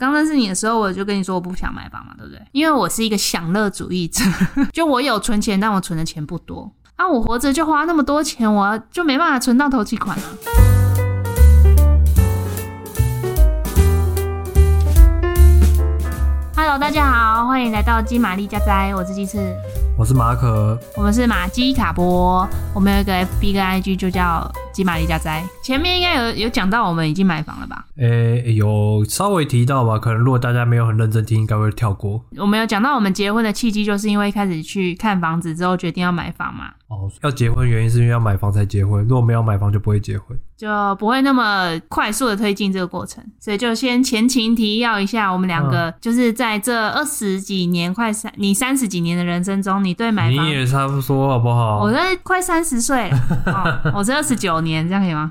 剛認識你的時候，我就跟你說我不想買房嘛，對不對？因為我是一個享樂主義者， 就我有存錢，但我存的錢不多。啊，我活着就花那麼多錢，我就沒辦法存到頭期款。Hello，大家好，歡迎來到金瑪麗家宅。我是雞翅……我是馬可，我們是馬基卡波，我們有一個 FB 跟 IG 就叫吉瑪利家宅。前面應該有有講到我們已經買房了吧？誒、欸，有稍微提到吧？可能如果大家沒有很認真聽，應該會跳過。我們有講到我們結婚的契機，就是因為開始去看房子之後，決定要買房嘛。哦，要結婚原因是因為要買房才結婚，如果沒有買房就不會結婚，就不會那麼快速的推進這個過程。所以就先前情提要一下，我們兩個、嗯、就是在這二十幾年快三你三十幾年的人生中，你。你對買房？你也差不多好不好？我在快三十歲，我是二十九年，這樣可以嗎？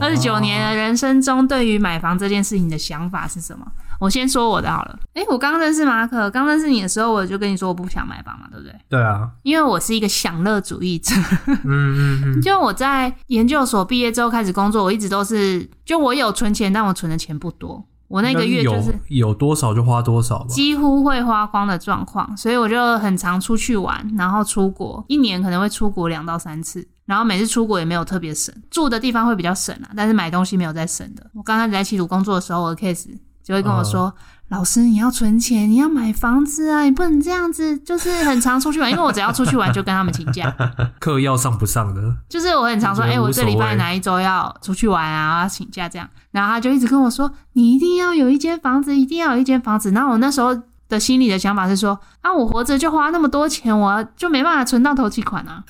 二十九年的人生中，對於買房這件事情的想法是什麼？我先說我的好了。哎、欸，我剛認識馬可，剛認識你的時候，我就跟你說我不想買房嘛，對不對？對啊，因為我是一個享樂主義者。嗯嗯嗯，就我在研究所畢業之後開始工作，我一直都是，就我有存錢，但我存的錢不多。我那個月就是有多少就花多少，幾乎會花光的狀況，所以我就很常出去玩，然後出國，一年可能會出國兩到三次，然後每次出國也沒有特別省，住的地方會比較省啊，但是買東西沒有再省的。我剛開始在七組工作的時候，我的 case。就會跟我說、嗯：“老師，你要存錢，你要買房子啊，你不能這樣子，就是很常出去玩， 因為我只要出去玩 就跟他們請假，課要上不上的，就是我很常說，哎、欸，我這禮拜哪一周要出去玩啊，要請假這樣，然後他就一直跟我說，你一定要有一間房子，一定要有一間房子。然後我那時候的心裡的想法是說。”那、啊、我活着就花那麼多錢，我就沒辦法存到頭期款啊。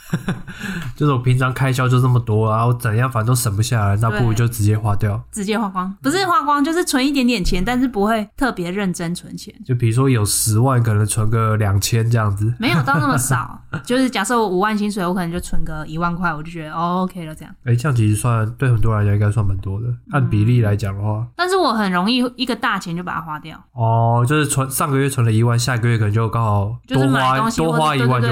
就是我平常開銷就這麼多啊，我怎樣反正都省不下來，那不如就直接花掉，直接花光，不是花光、嗯、就是存一點點錢，但是不會特別認真存錢。就比如說有十萬，可能存個兩千這樣子，沒有到那麼少。 就是假設我五萬薪水，我可能就存個一萬塊，我就覺得哦 OK 了這樣。哎、欸，這樣其實算對很多人來講應該算蠻多的，按比例來講的話、嗯。但是我很容易一個大錢就把它花掉。哦，就是存上個月存了一萬，下個月可能就剛。好，多花，就是買東西，對對對，對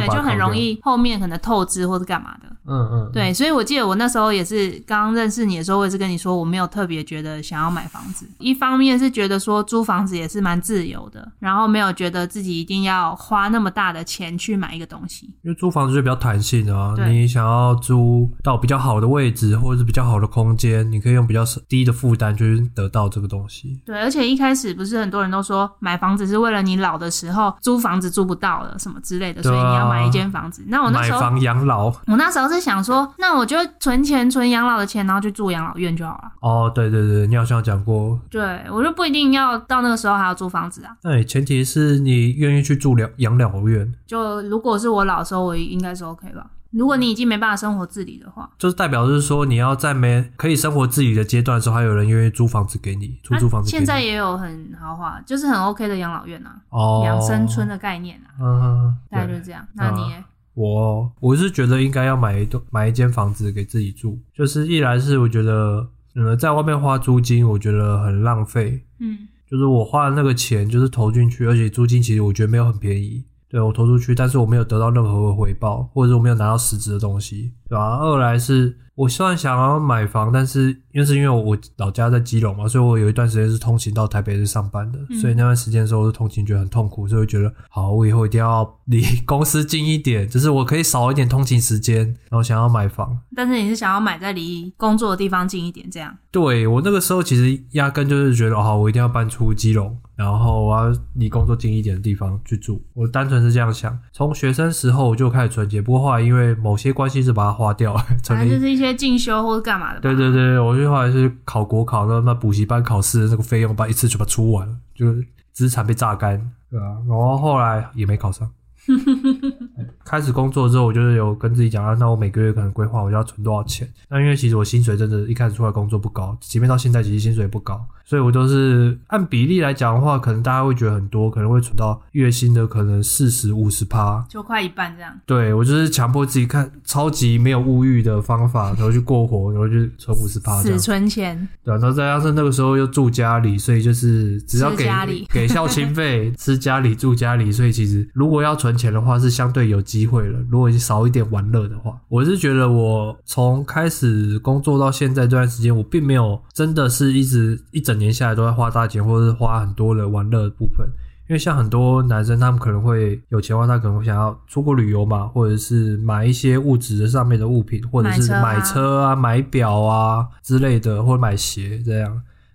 就，就很容易後面可能透支或者幹嘛的。嗯嗯，嗯，對，所以我記得我那時候也是剛認識你的時候，我也是跟你說我沒有特別覺得想要買房子，一方面是覺得說租房子也是蠻自由的，然後沒有覺得自己一定要花那麼大的錢去買一個東西，因為租房子就比較彈性啊，你想要租到比較好的位置或者是比較好的空間，你可以用比較低的負擔去得到這個東西。對，而且一開始不是很多人都說買房子是為了你老的時候租房子租不到了什麼之類的，啊、所以你要買一間房子。那我那時候買房養老，我那時候是想說，那我就存錢，存養老的錢，然後去住養老院就好了。哦，對對對，你好像講過，對，我就不一定要到那個時候還要租房子啊。對、欸、前提是你願意去住養老院。就如果是我老的時候，我應該是 OK 吧？如果你已經沒辦法生活自理的話，就是代表就是說你要在沒可以生活自理的階段的時候，還有人願意租房子給你，租租房子給你、啊。現在也有很豪華，就是很 OK 的養老院啊，哦、養生村的概念啊。嗯，大概就是這樣。那你？嗯我我是覺得應該要買一棟買一間房子給自己住，就是一來是我覺得嗯、呃，在外面花租金我覺得很浪費，嗯，就是我花的那個錢就是投進去，而且租金其實我覺得沒有很便宜。對我投出去，但是我沒有得到任何的回報，或者是我沒有拿到實質的東西，對吧、啊？二來是我雖然想要買房，但是因為是因為我老家在基隆嘛，所以我有一段時間是通勤到台北去上班的、嗯，所以那段時間的時候，我通勤覺得很痛苦，所以我覺得好，我以後一定要離公司近一點，就是我可以少一點通勤時間，然後想要買房。但是你是想要買在離工作的地方近一點，這樣？對我那個時候其實壓根就是覺得好，我一定要搬出基隆。然後我要離工作近一點的地方去住，我單純是這樣想。從學生時候我就開始存錢，不過後來因為某些關係是把它花掉，了，存就是一些進修或者幹嘛的吧。對對對，我就後來是考國考，那那補習班考試的那個費用，把一次全部出完了，就資產被榨乾，對吧、啊？然後後來也沒考上。 開始工作之後，我就是有跟自己講、啊，那我每個月可能規劃我就要存多少錢。那因為其實我薪水真的一開始出來工作不高，即便到現在其實薪水也不高。所以我都是按比例來講的話，可能大家會覺得很多，可能會存到月薪的可能四十五十趴，就快一半這樣。對，我就是強迫自己看超級沒有物欲的方法， 然後去過活，然後就存五十趴，只存錢。對，然後再加上那個時候又住家裡，所以就是只要給家裡 給孝親費，吃家裡住家裡，所以其實如果要存錢的話，是相對有機會了。如果你少一點玩樂的話，我是覺得我從開始工作到現在這段時間，我並沒有真的是一直一整年下來都在花大錢，或者是花很多的玩樂部分，因為像很多男生，他們可能會有錢的話，他可能會想要出國旅遊嘛，或者是買一些物質上面的物品，或者是買車啊、買錶啊，買車啊之類的，或者買鞋這樣。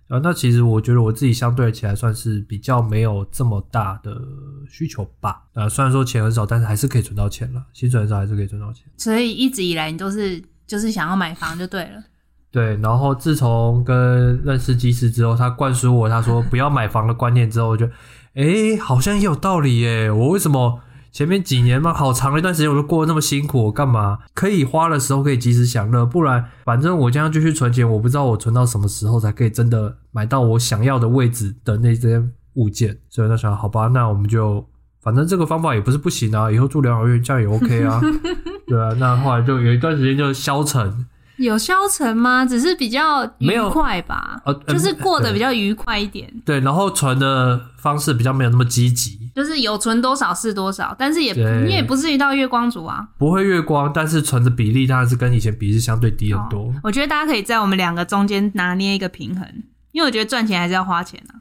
啊，那其實我覺得我自己相對起來算是比較沒有這麼大的需求吧。啊，雖然說錢很少，但是還是可以存到錢了，薪水很少還是可以存到錢。所以一直以來你都是就是想要買房就對了。 對，然後自從跟認識雞翅之後，他灌輸我他說不要買房的觀念之後，我就誒，好像也有道理耶。我為什麼前面幾年嘛，好長一段時間我都過得那麼辛苦，我幹嘛可以花的時候可以及時享樂？不然，反正我將要繼續存錢，我不知道我存到什麼時候才可以真的買到我想要的位置的那些物件。所以，我就想，好吧，那我們就反正這個方法也不是不行啊，以後住療養院這樣也 OK 啊。 對啊，那後來就有一段時間就消沉。有消沉嗎？只是比較愉沒有快吧，呃，就是過得比較愉快一點。對，對，然後存的方式比較沒有那麼積極，就是有存多少是多少，但是也，你也不至於到月光族啊。不會月光，但是存的比例當然是跟以前比例相對低很多。哦，我覺得大家可以在我們兩個中間拿捏一個平衡，因為我覺得賺錢還是要花錢啊。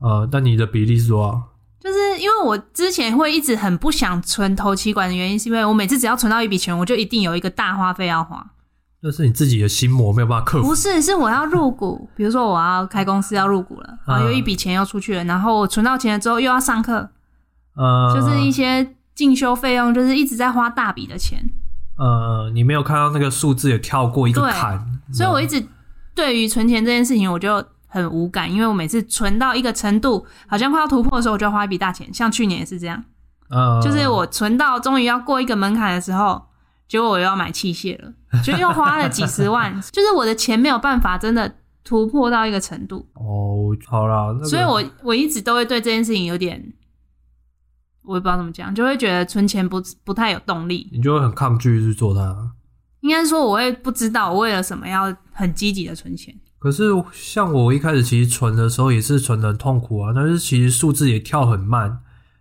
呃、嗯，那你的比例是多少？就是因為我之前會一直很不想存頭期款的原因，是因為我每次只要存到一筆錢，我就一定有一個大花費要花。就是你自己的心魔沒有辦法克服。不是，是我要入股， 比如說我要開公司要入股了，然後有一筆錢要出去了，呃，然後我存到錢了之後又要上課，呃，就是一些進修費用，就是一直在花大筆的錢。呃，你沒有看到那個數字有跳過一個坎，所以我一直對於存錢這件事情我就很無感，因為我每次存到一個程度，好像快要突破的時候，我就要花一筆大錢，像去年也是這樣，呃，就是我存到終於要過一個門檻的時候。結果我又要買器械了，就又花了幾十萬， 就是我的錢沒有辦法真的突破到一個程度。哦，好啦、那個，所以我我一直都會對這件事情有點，我也不知道怎麼講，就會覺得存錢不不太有動力，你就會很抗拒去做它。應該說，我會不知道我為了什麼要很積極的存錢。可是像我一開始其實存的時候也是存的很痛苦啊，但是其實數字也跳很慢。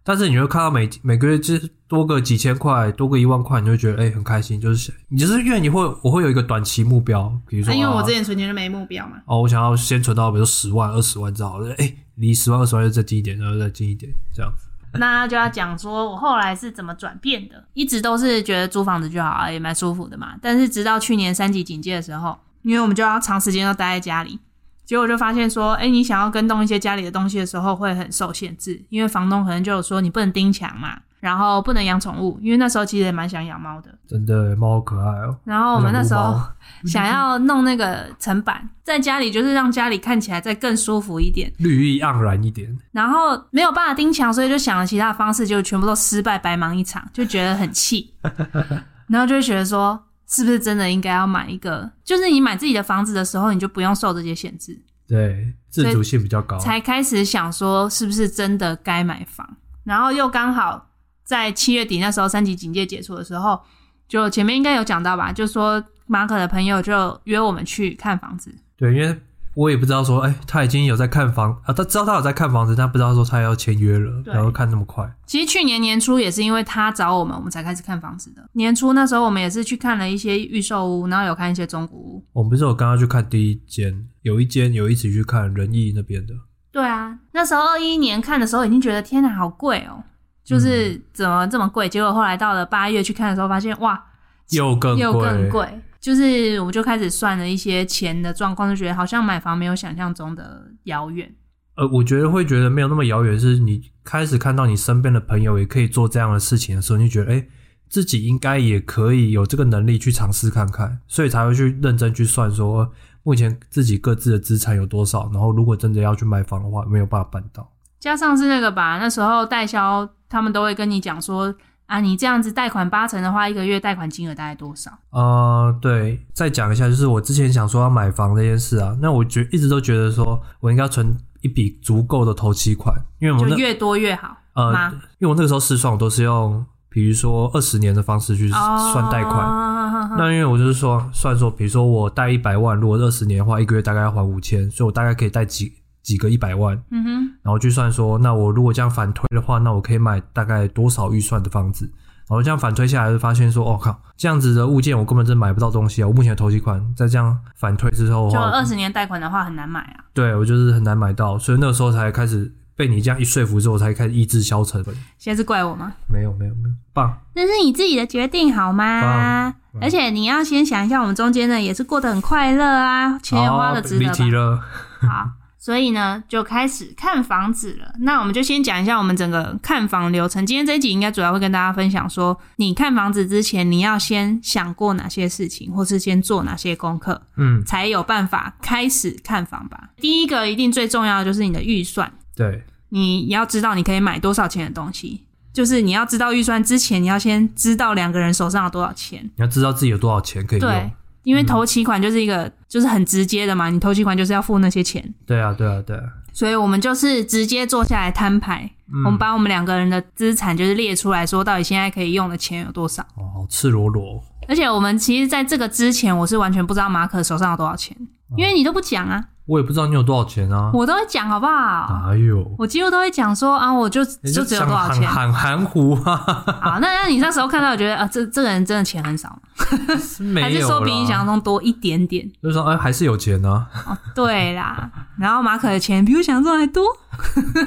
但是你會看到每每個月就多個幾千塊，多個一萬塊，你就會覺得哎、欸、很開心，就是你就是因為你會我會有一個短期目標，比如說，因為我之前存錢就沒目標嘛。哦、啊，我想要先存到比如說十萬、二十萬這樣子，哎，離、欸、十萬、二十萬就再近一點，然後再近一點這樣。那就要講說我後來是怎麼轉變的，一直都是覺得租房子就好，也蠻舒服的嘛。但是直到去年三級警戒的時候，因為我們就要長時間要待在家裡。結果就發現說，哎，你想要跟動一些家裡的東西的時候，會很受限制，因為房東可能就有說你不能釘牆嘛，然後不能養寵物，因為那時候其實也蠻想養貓的，真的貓好可愛哦。然後我們那時候想要弄那個層板， 在家裡就是讓家裡看起來再更舒服一點，綠意盎然一點。然後沒有辦法釘牆，所以就想了其他的方式，就全部都失敗，白忙一場，就覺得很氣， 然後就會覺得說。是不是真的應該要買一個？就是你買自己的房子的時候，你就不用受這些限制。對，自主性比較高。才開始想說，是不是真的該買房？然後又剛好在七月底那時候，三級警戒解除的時候，就前面應該有講到吧，就說馬可的朋友就約我們去看房子。對，因為。我也不知道說，哎、欸，他已經有在看房啊，他知道他有在看房子，但不知道說他要簽約了，然後看那麼快。其實去年年初也是因為他找我們，我們才開始看房子的。年初那時候我們也是去看了一些預售屋，然後有看一些中古屋。我們不是有剛剛去看第一間，有一間有一起去看仁義那邊的。對啊，那時候二一年看的時候已經覺得天哪、啊，好貴哦、喔，就是怎麼這麼貴？結果後來到了八月去看的時候，發現哇，又更，又更貴。就是我就開始算了一些錢的狀況，就覺得好像買房沒有想象中的遙遠。呃，我覺得會覺得沒有那麼遙遠，是你開始看到你身邊的朋友也可以做這樣的事情的時候，你就覺得哎，自己應該也可以有這個能力去嘗試看看，所以才會去認真去算說目前自己各自的資產有多少，然後如果真的要去買房的話，沒有辦法辦到。加上是那個吧，那時候代銷他們都會跟你講說。啊，你這樣子貸款八成的話，一個月貸款金額大概多少？呃，對，再講一下，就是我之前想說要買房這件事啊，那我覺一直都覺得說我應該要存一筆足夠的頭期款，因為我們就越多越好，呃，因為我那個時候試算，我都是用比如說二十年的方式去算貸款，oh, 那因為我就是說算說，比如說我貸一百萬，如果二十年的話，一個月大概要還五千，所以我大概可以貸幾幾個一百萬，嗯哼，然後去算說，那我如果這樣反推的話，那我可以買大概多少預算的房子？然後這樣反推下來就發現說，哦靠，這樣子的物件我根本是買不到東西啊！我目前的頭期款在這樣反推之後，就二十年貸款的話很難買啊。對，我就是很難買到，所以那時候才開始被你這樣一說服之後，才開始意志消沉。現在是怪我嗎？沒有沒有沒有，棒，那是你自己的決定好嗎？啊啊？而且你要先想一下，我們中間呢也是過得很快樂啊，錢花的值得。好。所以呢，就開始看房子了。那我們就先講一下我們整個看房流程。今天這一集應該主要會跟大家分享說，你看房子之前，你要先想過哪些事情，或是先做哪些功課，嗯，才有辦法開始看房吧。第一個一定最重要的就是你的預算，對，你要知道你可以買多少錢的東西，就是你要知道預算之前，你要先知道兩個人手上有多少錢，你要知道自己有多少錢可以用。對。因為頭期款，就是一個、嗯，就是很直接的嘛。你頭期款就是要付那些錢。對啊，對啊，對啊。所以我們就是直接坐下來攤牌，嗯，我們把我們兩個人的資產就是列出來說，到底現在可以用的錢有多少。哦，赤裸裸。而且我們其實，在這個之前，我是完全不知道馬可手上有多少錢，因為你都不講啊。嗯我也不知道你有多少錢啊！我都會講，好不好？哪有？我幾乎都會講說啊，我就就只有多少錢，含含糊啊。好，那 那你那時候看到我覺得啊、呃，這這個人真的錢很少嗎？ 還是說比你想象中多一點點？就是說，哎、欸，還是有錢呢、啊 啊？對啦，然後馬可的錢比我想象中還多。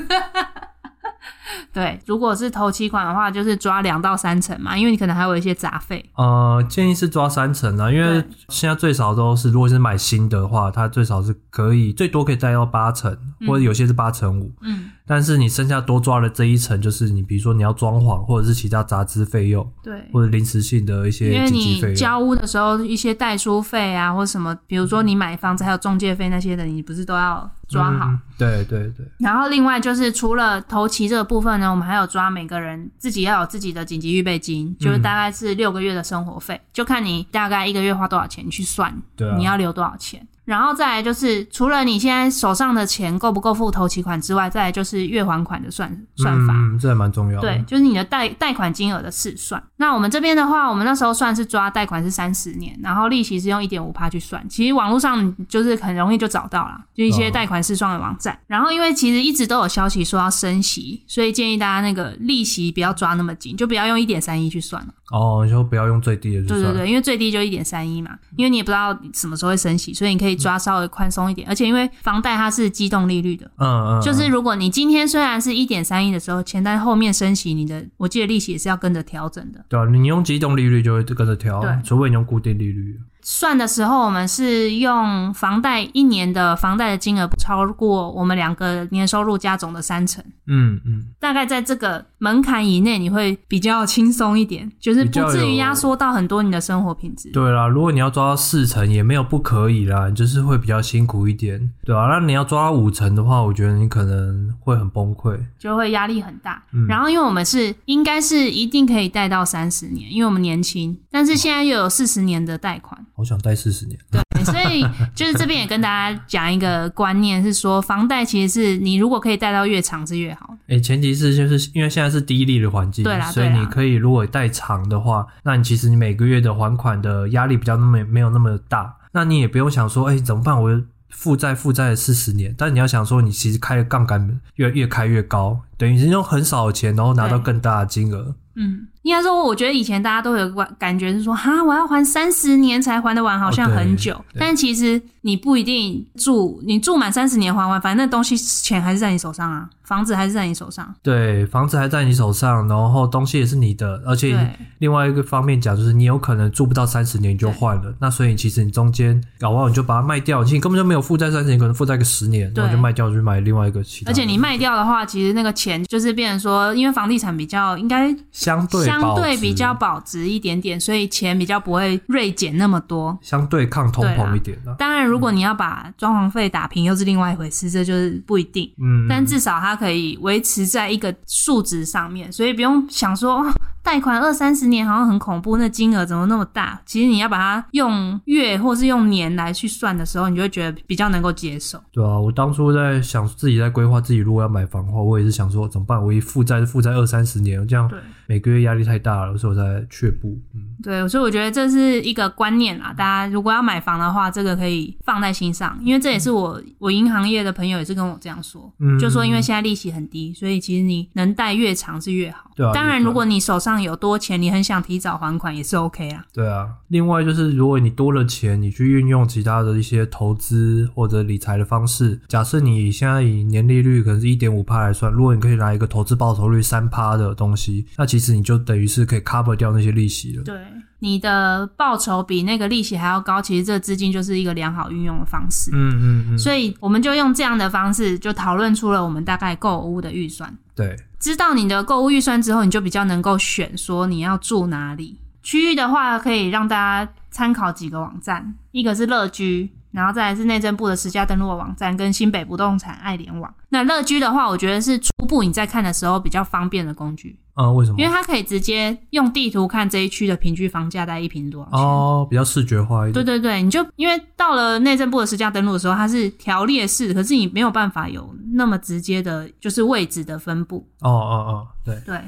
對，如果是頭期款的話，就是抓兩到三成嘛，因為你可能還有一些雜費。呃，建議是抓三成啊。因為現在最少都是，如果是買新的話，它最少是可以，最多可以貸到八成，嗯，或者有些是八成五。嗯但是你剩下多抓的這一層，就是你比如說你要裝潢或者是其他雜支費用，對，或者臨時性的一些緊急費用，因為你交屋的時候一些代書費啊，或什麼，比如說你買房子還有中介費那些的，你不是都要抓好？嗯，對對對。然後另外就是除了頭期這個部分呢，我們還有抓每個人自己要有自己的緊急預備金，就是大概是六個月的生活費，嗯，就看你大概一個月花多少錢去算，對啊，你要留多少錢。然後再來就是，除了你現在手上的錢夠不夠付頭期款之外，再來就是月還款的算算法，嗯，這還蠻重要的。對，就是你的貸貸款金額的試算。那我們這邊的話，我們那時候算是抓貸款是三十年，然後利息是用一點五趴去算。其實網絡上就是很容易就找到了，就一些貸款試算的網站。哦。然後因為其實一直都有消息說要升息，所以建議大家那個利息不要抓那麼緊，就不要用一點三一去算了。哦，就不要用最低的去算。對對對，因為最低就一點三一嘛，因為你也不知道什麼時候會升息，所以你可以。嗯、抓稍微寬鬆一點，而且因為房貸它是機動利率的，嗯嗯，就是如果你今天雖然是一點三億的時候，前但後面升息，你的我記得利息也是要跟着調整的，對啊，你用機動利率就會跟着調，對，除非你用固定利率。算的時候，我們是用房貸一年的房貸的金額不超過我們兩個年收入加總的三成，嗯嗯，大概在這個。門檻以內你會比較輕鬆一點，就是不至於壓縮到很多你的生活品質。對啦，如果你要抓到四成也沒有不可以啦，你就是會比較辛苦一點，對啊，那你要抓到五成的話，我覺得你可能會很崩潰，就會壓力很大，嗯。然後因為我們是應該是一定可以貸到三十年，因為我們年輕，但是現在又有四十年的貸款，好想貸四十年。對，所以就是這邊也跟大家講一個觀念， 是說房貸其實是你如果可以貸到越長是越好。哎、欸，前提是就是因為現在。是低利率的環境、啊，所以你可以如果貸長的話、啊，那你其實你每個月的還款的壓力比較那麼沒有那麼大，那你也不用想說，哎，怎麼辦？我負債負債四十年，但你要想說，你其實開的槓桿越越開越高，等於用很少的錢，然後拿到更大的金額，嗯。應該說，我覺得以前大家都有個感感覺是說，哈，我要還三十年才還得完，好像很久。Oh，但其實你不一定住，你住滿三十年還完，反正那東西錢還是在你手上啊，房子還是在你手上。對，房子還在你手上，然後東西也是你的。而且另外一個方面講，就是你有可能住不到三十年就換了，那所以你其實你中間搞不好你就把它賣掉，你根本就沒有負債三十年，可能負債個十年對，然後就賣掉，就去買另外一個。而且你賣掉的話，其實那個錢就是變成說，因為房地產比較應該相對。相對比較保值一點點，所以錢比較不會銳減那麼多。相對抗通膨一點的啊，對啊。當然，如果你要把裝潢費打平，又是另外一回事，這就是不一定。嗯，嗯。但至少它可以維持在一個數值上面，所以不用想說貸款二三十年好像很恐怖，那金額怎麼那麼大？其實你要把它用月或是用年來去算的時候，你就會覺得比較能夠接受。對啊，我當初在想自己在規劃自己如果要買房的話，我也是想說怎麼辦？我一負債負債二三十年，這樣。對，每個月壓力太大了，所以我才卻步。嗯，對，所以我覺得這是一個觀念啊，大家如果要買房的話，這個可以放在心上，因為這也是我、嗯、我銀行業的朋友也是跟我這樣說，就說因為現在利息很低，所以其實你能貸越長是越好。對啊，當然，如果你手上有多錢，你很想提早還款，也是 OK 啊。對啊，另外就是，如果你多了錢，你去運用其他的一些投資或者理財的方式，假設你現在以年利率可能是一點五趴來算，如果你可以拿一個投資報酬率三趴的東西，那其實你就等於是可以 cover 掉那些利息了。對。你的報酬比那個利息還要高，其實這個資金就是一個良好運用的方式。嗯嗯嗯，所以我們就用這樣的方式，就討論出了我們大概購屋的預算。對，知道你的購屋預算之後，你就比較能夠選說你要住哪裡。區域的話，可以讓大家參考幾個網站，一個是樂居，然後再來是內政部的實價登錄網站跟新北不動產愛連網。那樂居的話，我覺得是初步你在看的時候比較方便的工具。啊、嗯，為什麼？因為它可以直接用地圖看這一區的平均房價大概一平多少錢哦，oh, 比較視覺化一點。對對對，你就因為到了內政部的實價登錄的時候，它是條列式，可是你沒有辦法有那麼直接的，就是位置的分布。哦哦哦，對對，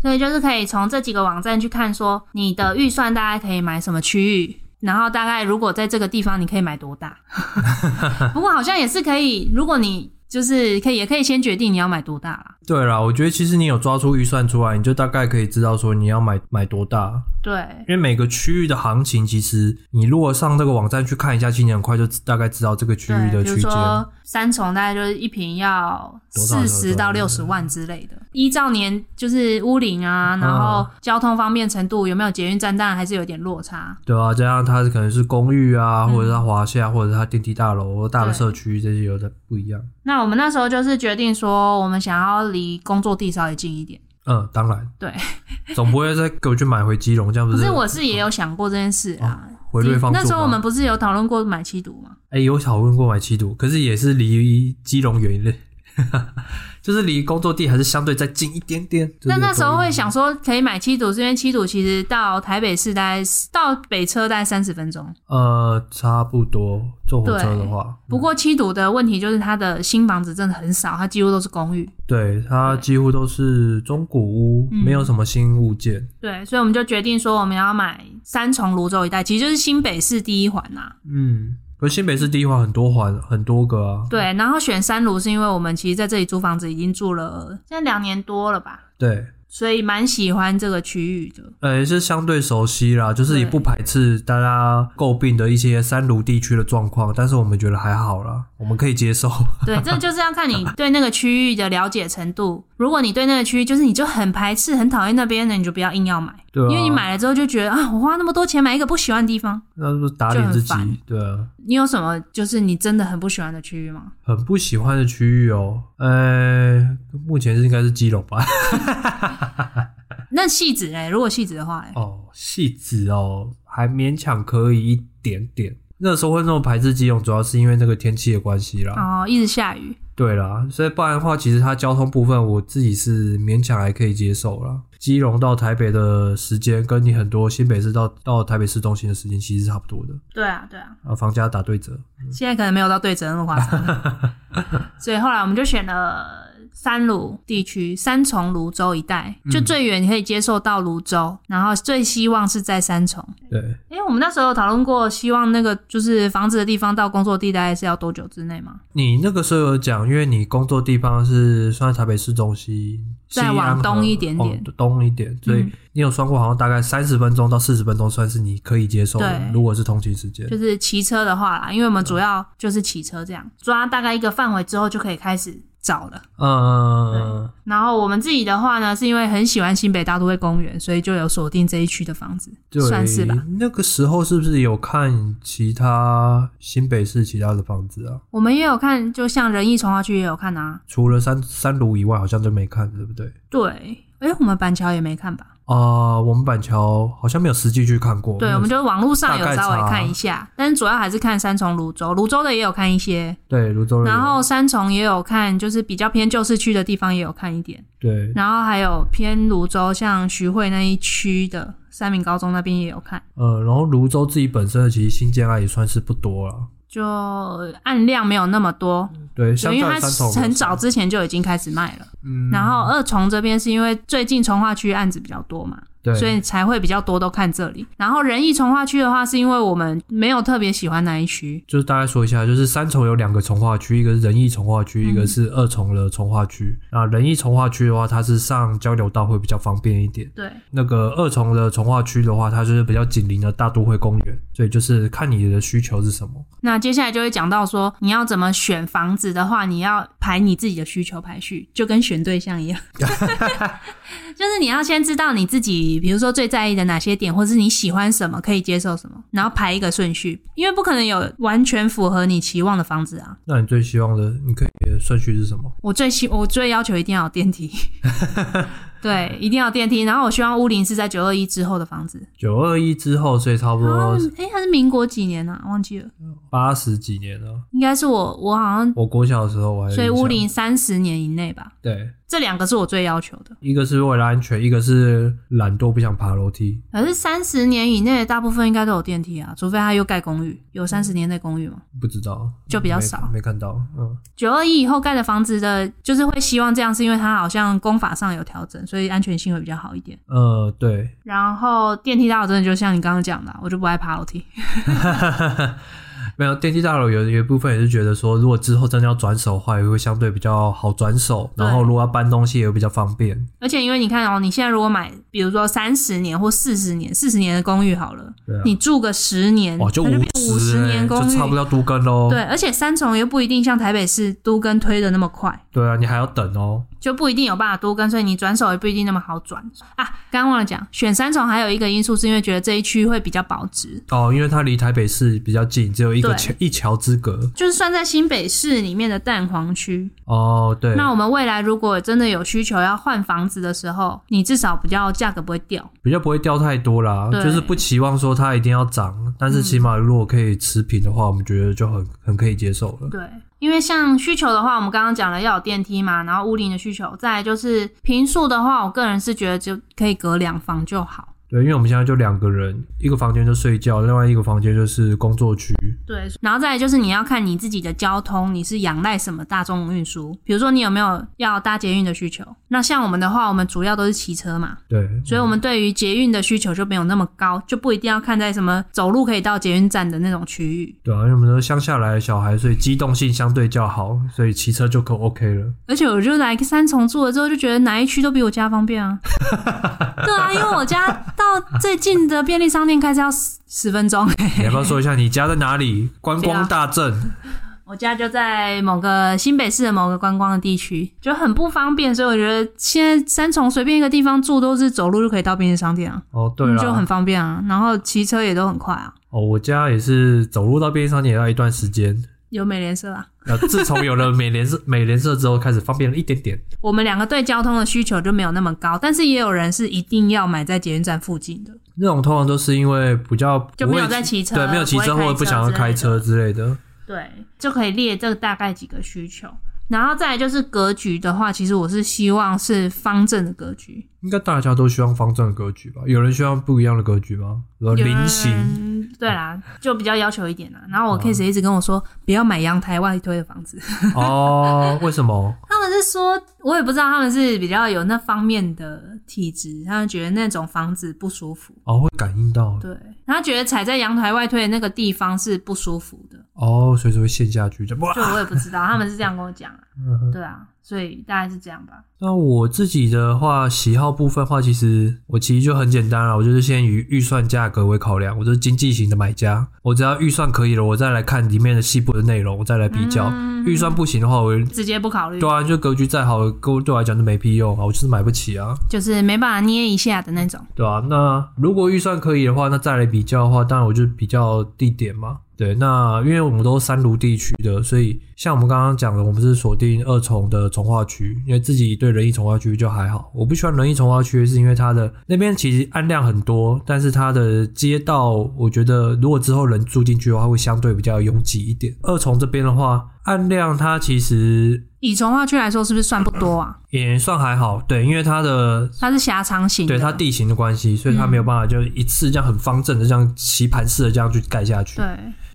所以就是可以從這幾個網站去看說，說你的預算大概可以買什麼區域，然後大概如果在這個地方你可以買多大。 不過好像也是可以，如果你，就是可以，也可以先決定你要買多大啦。對啦，我覺得其實你有抓出預算出來，你就大概可以知道說你要買買多大。對，因為每個區域的行情，其實你如果上這個網站去看一下，今年很快就大概知道這個區域的區間。比如說三重，大概就是一坪要四十到六十萬之類的。依照年就是屋齡啊，然後交通方便程度、啊、有沒有捷運站，但還是有點落差。對啊，加上它是可能是公寓啊，或者是它華廈、嗯，或者是它電梯大樓、大的社區這些有的不一樣。那我們那時候就是決定說，我們想要離工作地稍微近一點。嗯，當然，對，總不會再再去買回基隆這樣子。可是 是我是也有想過這件事啊。嗯嗯、回方，那時候我們不是有討論過買七堵嗎？哎，、欸，有討論過買七堵，可是也是離基隆遠一點。 就是離工作地還是相對再近一點點。那那時候會想說，可以買七堵這邊。七堵其實到台北市大概，到北車大概三十分鐘。呃，差不多坐火車的話。嗯、不過七堵的問題就是，它的新房子真的很少，它幾乎都是公寓。對，它幾乎都是中古屋，沒有什麼新物件。對，嗯、對所以我們就決定說，我們要買三重、蘆洲一帶，其實就是新北市第一環吶、啊。嗯。而新北市第一環，很多環，很多個啊。對，然後選三蘆是因為我們其實在這裡租房子已經住了，現在兩年多了吧。對，所以蠻喜歡這個區域的。誒、欸、是相對熟悉啦，就是也不排斥大家詬病的一些三蘆地區的狀況，但是我們覺得還好啦。我們可以接受。對，這就是要看你對那個區域的了解程度。 如果你對那個區域，就是你就很排斥，很討厭那邊的，你就不要硬要買。對、啊，因為你買了之後就覺得啊，我花那麼多錢買一個不喜歡的地方，那是不是打臉自己？對啊。你有什麼就是你真的很不喜歡的區域嗎？很不喜歡的區域哦，呃、欸，目前是應該是基隆吧。 那汐止哎，如果汐止的話哎，哦，汐止哦，還勉強可以一點點。那時候會那麼排斥基隆，主要是因為那個天氣的關係啦。哦、oh,，一直下雨。對啦，所以不然的話，其實它交通部分我自己是勉強還可以接受啦。基隆到台北的時間，跟你很多新北市到到台北市中心的時間其實是差不多的。對啊，對啊。啊，房價打對折，現在可能沒有到對折那麼誇張。 所以後來我們就選了。三蘆地區、三重、蘆洲一帶，就最遠你可以接受到蘆洲、嗯，然後最希望是在三重。對，為、欸、我們那時候有討論過，希望那個就是房子的地方到工作地帶是要多久之內嗎？你那個時候有講，因為你工作地方是算台北市中心，再往東一點點，東一點、嗯，所以你有算過，好像大概三十分鐘到四十分鐘算是你可以接受的，如果是通勤時間。就是騎車的話啦，因為我們主要就是騎車這樣抓大概一個範圍之後，就可以開始。找了，嗯，然後我們自己的話呢，是因為很喜歡新北大都會公園，所以就有鎖定這一區的房子，對，算是吧。那個時候是不是有看其他新北市其他的房子啊？我們也有看，就像二重重劃區也有看啊。除了三三蘆以外，好像都沒看，對不對？對，哎、欸，我們板橋也沒看吧？啊、呃，我們板橋好像沒有實際去看過。對，我們就網絡上有稍微看一下，但是主要還是看三重、蘆洲、蘆洲的也有看一些。對，蘆洲的。然後三重也有看，就是比較偏舊市區的地方也有看一點。對。然後還有偏蘆洲，像徐匯那一區的三民高中那邊也有看。呃，然後蘆洲自己本身的其實新建案也算是不多了。就案量沒有那麼多，嗯、對，因為它很早之前就已經開始賣了。嗯、然後二重這邊是因為最近重劃區案子比較多嘛。對，所以才會比較多都看這裡。然後仁義重劃區的話，是因為我們沒有特別喜歡哪一區。就是大概說一下，就是三重有兩個重劃區，一個是仁義重劃區，一個是二重的重劃區。啊，仁義重劃區的話，它是上交流道會比較方便一點。對，那個二重的重劃區的話，它就是比較緊鄰的大都會公園，所以就是看你的需求是什麼。那接下來就會講到說，你要怎麼選房子的話，你要排你自己的需求排序，就跟選對象一樣， 就是你要先知道你自己。比如說最在意的哪些點，或是你喜歡什麼，可以接受什麼，然後排一個順序，因為不可能有完全符合你期望的房子啊。那你最希望的，你可以的順序是什麼？我最希，我最要求一定要有電梯。 對，一定要電梯。然後我希望屋齡是在九二一之後的房子。九二一之後，所以差不多，哎、欸，它是民國幾年呢、啊？忘記了，八十幾年了。應該是我，我好像，我國小的時候我還，所以屋齡三十年以內吧。對，這兩個是我最要求的，一個是為了安全，一個是懶惰不想爬樓梯。可是三十年以內，大部分應該都有電梯啊，除非他又蓋公寓。有三十年內公寓嗎、嗯？不知道，就比較少，沒，沒看到。嗯，九二一以後蓋的房子的，就是會希望這樣，是因為它好像工法上有調整。所以安全性會比較好一點。呃，對。然後電梯，倒真的就像你剛剛講的，我就不愛爬樓梯。 沒有電梯，大樓有一部分也是覺得說，如果之後真的要轉手的話，也會相對比較好轉手。然後如果要搬東西，也會比較方便。而且因為你看哦，你現在如果買，比如說三十年或四十年、四十年的公寓好了，啊、你住個十年，哦、就五十、欸、年公寓，就差不多要都更嘍。對，而且三重又不一定像台北市都更推的那麼快。對啊，你還要等哦。就不一定有辦法都更，所以你轉手也不一定那麼好轉啊。剛忘了講，選三重還有一個因素是因為覺得這一區會比較保值。哦，因為它離台北市比較近，就。有一個橋，一橋之隔，就是算在新北市裡面的蛋黃區哦。對，那我們未來如果真的有需求要換房子的時候，你至少比較價格不會掉，比較不會掉太多啦。就是不期望說它一定要漲，但是起碼如果可以持平的話，嗯、我們覺得就很很可以接受了。對，因為像需求的話，我們剛剛講了要有電梯嘛，然後屋齡的需求，再來就是平數的話，我個人是覺得就可以隔兩房就好。對，因為我們現在就兩個人，一個房間就睡覺，另外一個房間就是工作區。對，然後再來就是你要看你自己的交通，你是仰賴什麼大眾運輸？比如說，你有沒有要搭捷運的需求？那像我們的話，我們主要都是騎車嘛，對，所以我們對於捷運的需求就沒有那麼高，就不一定要看在什麼走路可以到捷運站的那種區域。對啊，因為我們都是鄉下來的小孩，所以機動性相對較好，所以騎車就可 OK 了。而且我就來三重住了之後，就覺得哪一區都比我家方便啊。 對啊，因為我家到最近的便利商店開車要十十分鐘欸。你要不要說一下你家在哪裡？觀光大鎮。我家就在某個新北市的某個觀光的地區，就很不方便，所以我覺得現在三重隨便一個地方住都是走路就可以到便利商店啊。哦，對、嗯，就很方便啊。然後騎車也都很快啊。哦，我家也是走路到便利商店也要一段時間。有美廉社啊。那自從有了美廉社， 美廉社之後開始方便了一點點。我們兩個對交通的需求就沒有那麼高，但是也有人是一定要買在捷運站附近的。那種通常都是因為比較不會，就沒有在騎車，對，沒有騎車，不會開車或者不想要開車之類的。對，就可以列這個大概幾個需求，然後再來就是格局的話，其實我是希望是方正的格局，應該大家都希望方正的格局吧？有人希望不一樣的格局嗎？然後菱形，對啦、啊，就比較要求一點啦。然後我 Case 一直跟我說，啊、不要買陽台外推的房子哦， 為什麼？他們是說，我也不知道，他們是比較有那方面的體質，他們覺得那種房子不舒服哦，會感應到，對，然後他覺得踩在陽台外推的那個地方是不舒服的。哦、oh，所以說會陷下去，就哇！就我也不知道， 他們是這樣跟我講啊。嗯、對啊，所以大概是這樣吧。那我自己的話，喜好部分的話，其實我其實就很簡單了，我就是先以預算價格為考量，我就是經濟型的買家，我只要預算可以了，我再來看裡面的細部的內容，我再來比較。嗯、預算不行的話，我就直接不考慮。對啊，就格局再好，對我來講就沒屁用啊，我就是買不起啊，就是沒辦法捏一下的那種。對啊，那如果預算可以的話，那再來比較的話，當然我就比較地點嘛。對，那因為我們都是三盧地區的，所以。像我們剛剛講的，我們是鎖定二重的重劃區，因為自己對仁義重劃區就還好。我不喜歡仁義重劃區，是因為它的那邊其實案量很多，但是它的街道，我覺得如果之後人住進去的話，會相對比較擁擠一點。二重這邊的話，案量它其實以重劃區來說，是不是算不多啊？也算還好，對，因為它的它是狹長型，對它地形的關係，所以它沒有辦法就一次這樣很方正的這樣棋盤式的這樣去蓋下去。對。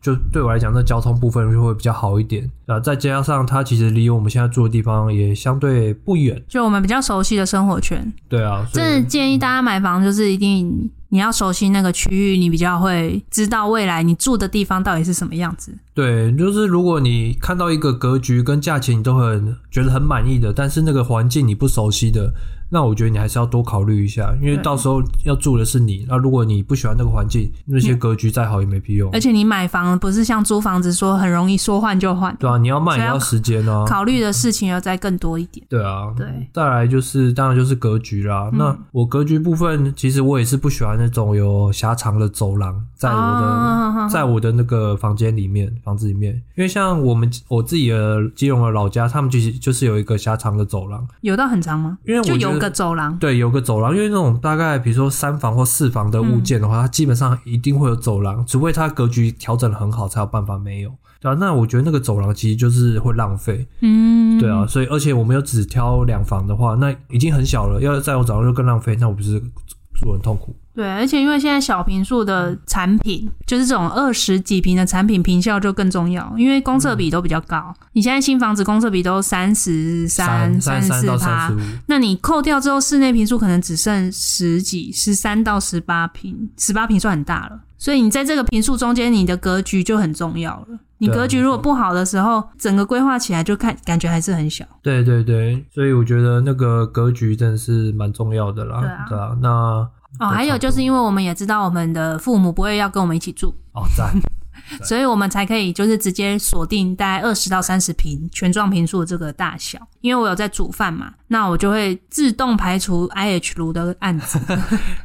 就對我來講，那交通部分就會比較好一點啊，再加上它其實離我們現在住的地方也相對不遠，就我們比較熟悉的生活圈。對啊，所以真的建議大家買房，就是一定你要熟悉那個區域，你比較會知道未來你住的地方到底是什麼樣子。對，就是如果你看到一個格局跟價錢你都很覺得很滿意的，但是那個環境你不熟悉的。那我覺得你還是要多考慮一下，因為到時候要住的是你。那、啊、如果你不喜歡那個環境，那些格局再好也沒屁用，嗯。而且你買房不是像租房子說很容易說換就換，對啊，你要慢，也要時間哦，啊。考慮的事情要再更多一點。對啊，對。再來就是當然就是格局啦。嗯、那我格局部分其實我也是不喜歡那種有狹長的走廊，在我的哦哦哦哦在我的那個房間裡面、房子裡面，因為像我們我自己的基隆的老家，他們就是就是有一個狹長的走廊，有到很長嗎？因為我有。有個走廊對，有個走廊，因為那種大概比如說三房或四房的物件的話，嗯、它基本上一定會有走廊，除非它格局調整得很好，才有辦法沒有。對啊，那我覺得那個走廊其實就是會浪費。嗯，對啊，所以而且我們又只挑兩房的話，那已經很小了，要再有走廊就更浪費，那我不是住很痛苦。對，而且因為現在小坪數的產品，就是這種二十幾坪的產品，坪效就更重要，因為公設比都比較高、嗯。你現在新房子公設比都 33, 三十三、三四趴，那你扣掉之後，室內坪數可能只剩十幾，十三到十八坪，十八坪算很大了。所以你在這個坪數中間，你的格局就很重要了。你格局如果不好的時候，啊、整個規劃起來就看感覺還是很小。對對對，所以我覺得那個格局真的是蠻重要的啦。對啊，對啊那。哦，還有就是因為我們也知道我們的父母不會要跟我們一起住哦，當然， 所以我們才可以就是直接鎖定大概二十到三十坪全幢坪數的這個大小，因為我有在煮飯嘛，那我就會自動排除 IH 爐的案子，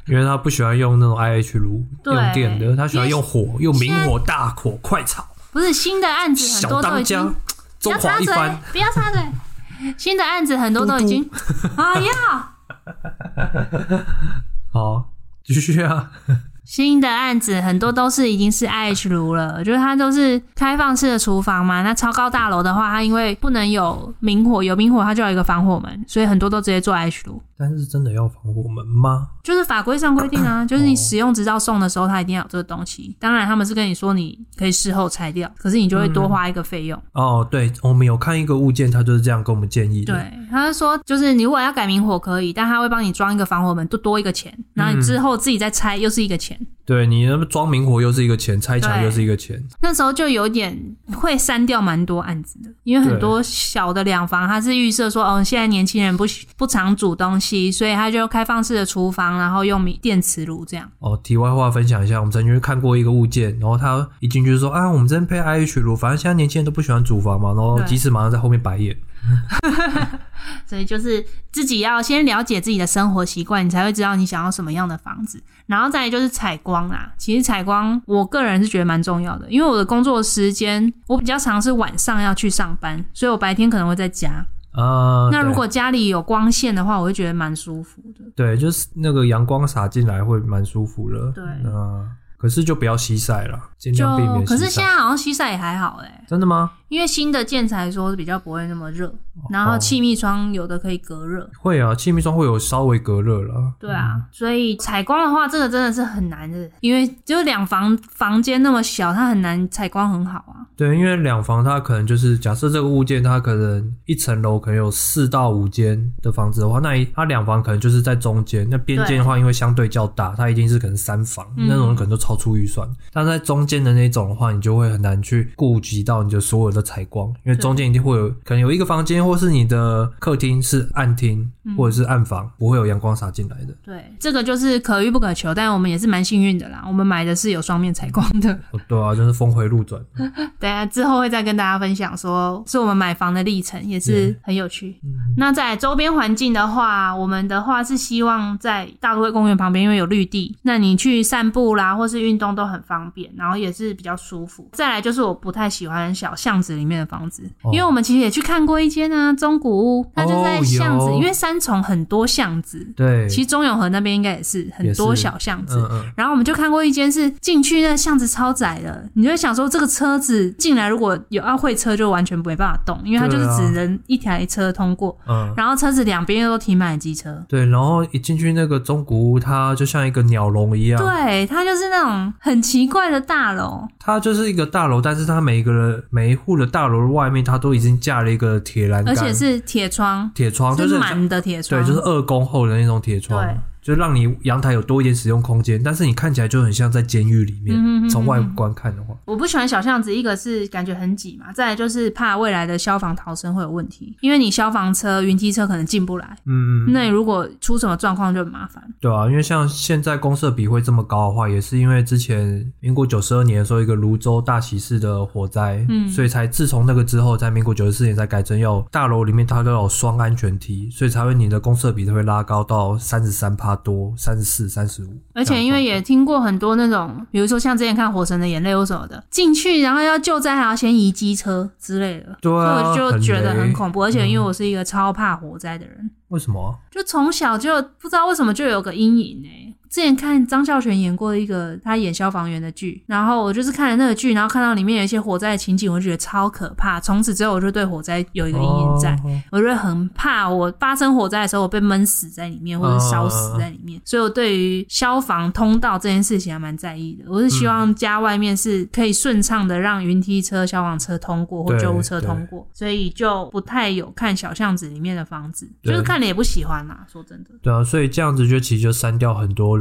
因為他不喜歡用那種 IH 爐用電的，他喜歡用火，用明火大火快炒。不是，新的案子很多都已經，不要插嘴，不要插嘴，新的案子很多都已經哎呀。 好，繼續啊！ 新的案子很多都是已經是 IH 爐了，就是它都是開放式的廚房嘛。那超高大樓的話，它因為不能有明火，有明火它就要一個防火門，所以很多都直接做 IH 爐。但是真的要防火門嗎？就是法規上規定啊，咳咳，就是你使用執照送的時候，它一定要有這個東西，哦。當然他們是跟你說，你可以事後拆掉，可是你就會多花一個費用，嗯。哦，對，我們有看一個物件，他就是這樣跟我們建議的。對，他就說就是你如果要改明火可以，但他會幫你裝一個防火門，多多一個錢，然後你之後自己再拆又是一個錢。嗯。對，你那麼裝明火又是一個錢，拆牆又是一個錢。那時候就有點會刪掉蠻多案子的，因為很多小的兩房，他是預設說，哦，現在年輕人不不常煮東西，所以他就開放式的廚房，然後用米電磁爐這樣。哦，題外話分享一下，我們曾經看過一個物件，然後他一進去就說啊，我們這邊配 IH 爐，反正現在年輕人都不喜歡煮房嘛，然後雞翅馬上在後面白眼。所以就是自己要先了解自己的生活習慣，你才會知道你想要什麼樣的房子。然後再來就是採光啦。啊，其實採光我個人是覺得蠻重要的，因為我的工作的時間我比較常是晚上要去上班，所以我白天可能會在家。啊、呃，那如果家裡有光線的話，我會覺得蠻舒服的。對，就是那個陽光灑進來會蠻舒服的。對，啊，可是就不要西曬了，盡量避免西曬。可是現在好像西曬也還好哎。欸，真的嗎？因為新的建材說比較不會那麼熱，然後氣密窗有的可以隔熱、哦，會啊，氣密窗會有稍微隔熱啦。對啊，嗯、所以採光的話，這個真的是很難的，因為就兩房房間那麼小，它很難採光很好啊。對，因為兩房它可能就是假設這個物件它可能一層樓可能有四到五間的房子的話，那一它兩房可能就是在中間，那邊間的話因為相對較大，它一定是可能三房那種可能就超出預算、嗯，但在中間的那種的話，你就會很難去顧及到你的所有的。採光，因為中間一定會有，可能有一個房間，或是你的客廳是暗廳、嗯，或者是暗房，不會有陽光灑進來的。對，這個就是可遇不可求，但我們也是蠻幸運的啦。我們買的是有雙面採光的、哦，對啊，就是峰迴路轉。 等一下之後會再跟大家分享說，說是我們買房的歷程也是很有趣。嗯、那在周邊環境的話，我們的話是希望在大都會公園旁邊，因為有綠地，那你去散步啦，或是運動都很方便，然後也是比較舒服。再來就是我不太喜歡小巷子。裡面的房子、哦，因為我們其實也去看過一間啊中古屋，它就在巷子，哦、因為三重很多巷子，對，其實中永和那邊應該也是很多小巷子、嗯嗯，然後我們就看過一間是進去那巷子超窄的，你就會想說這個車子進來如果有要會車就完全沒辦法動，因為它就是只能一台車通過，啊、嗯，然後車子兩邊又都停滿機車，對，然後一進去那個中古屋，它就像一個鳥籠一樣，對，它就是那種很奇怪的大樓，它就是一個大樓，但是它每一個人每一戶。大樓外面，它都已經架了一個鐵欄杆，而且是鐵窗，鐵窗，是窗就是滿的鐵窗，對，就是二公厚的那種鐵窗。就讓你陽台有多一點使用空間，但是你看起來就很像在監獄裡面。嗯、從外觀看的話，我不喜歡小巷子，一個是感覺很擠嘛，再來就是怕未來的消防逃生會有問題，因為你消防車、雲梯車可能進不來。嗯嗯。那你如果出什麼狀況就很麻煩。對啊，因為像現在公設比會這麼高的話，也是因為之前民國九十二年的時候一個蘆洲大囍市的火災，嗯，所以才自從那個之後，在民國九十四年才改成有大樓裡面它都有雙安全梯，所以才會你的公設比都會拉高到三十三趴。多三十四、三十五，而且因為也聽過很多那種，嗯、比如說像之前看《火神的眼淚》或什麼的，進去然後要救災還要先移機車之類的，啊、所以我就覺得很恐怖很雷。而且因為我是一個超怕火災的人、嗯，為什麼、啊？就從小就不知道為什麼就有個陰影、欸之前看張孝全演過一個他演消防員的劇，然後我就是看了那個劇，然後看到裡面有一些火災的情景，我就覺得超可怕。從此之後，我就對火災有一個陰影在，哦、我就很怕。我發生火災的時候，我被悶死在裡面，哦、或者燒死在裡面。哦、所以我對於消防通道這件事情還蠻在意的。我是希望家外面是可以順暢的讓雲梯車、消防車通過或救護車通過，所以就不太有看小巷子裡面的房子，就是看了也不喜歡啦。說真的，對啊，所以這樣子就其實就刪掉很多。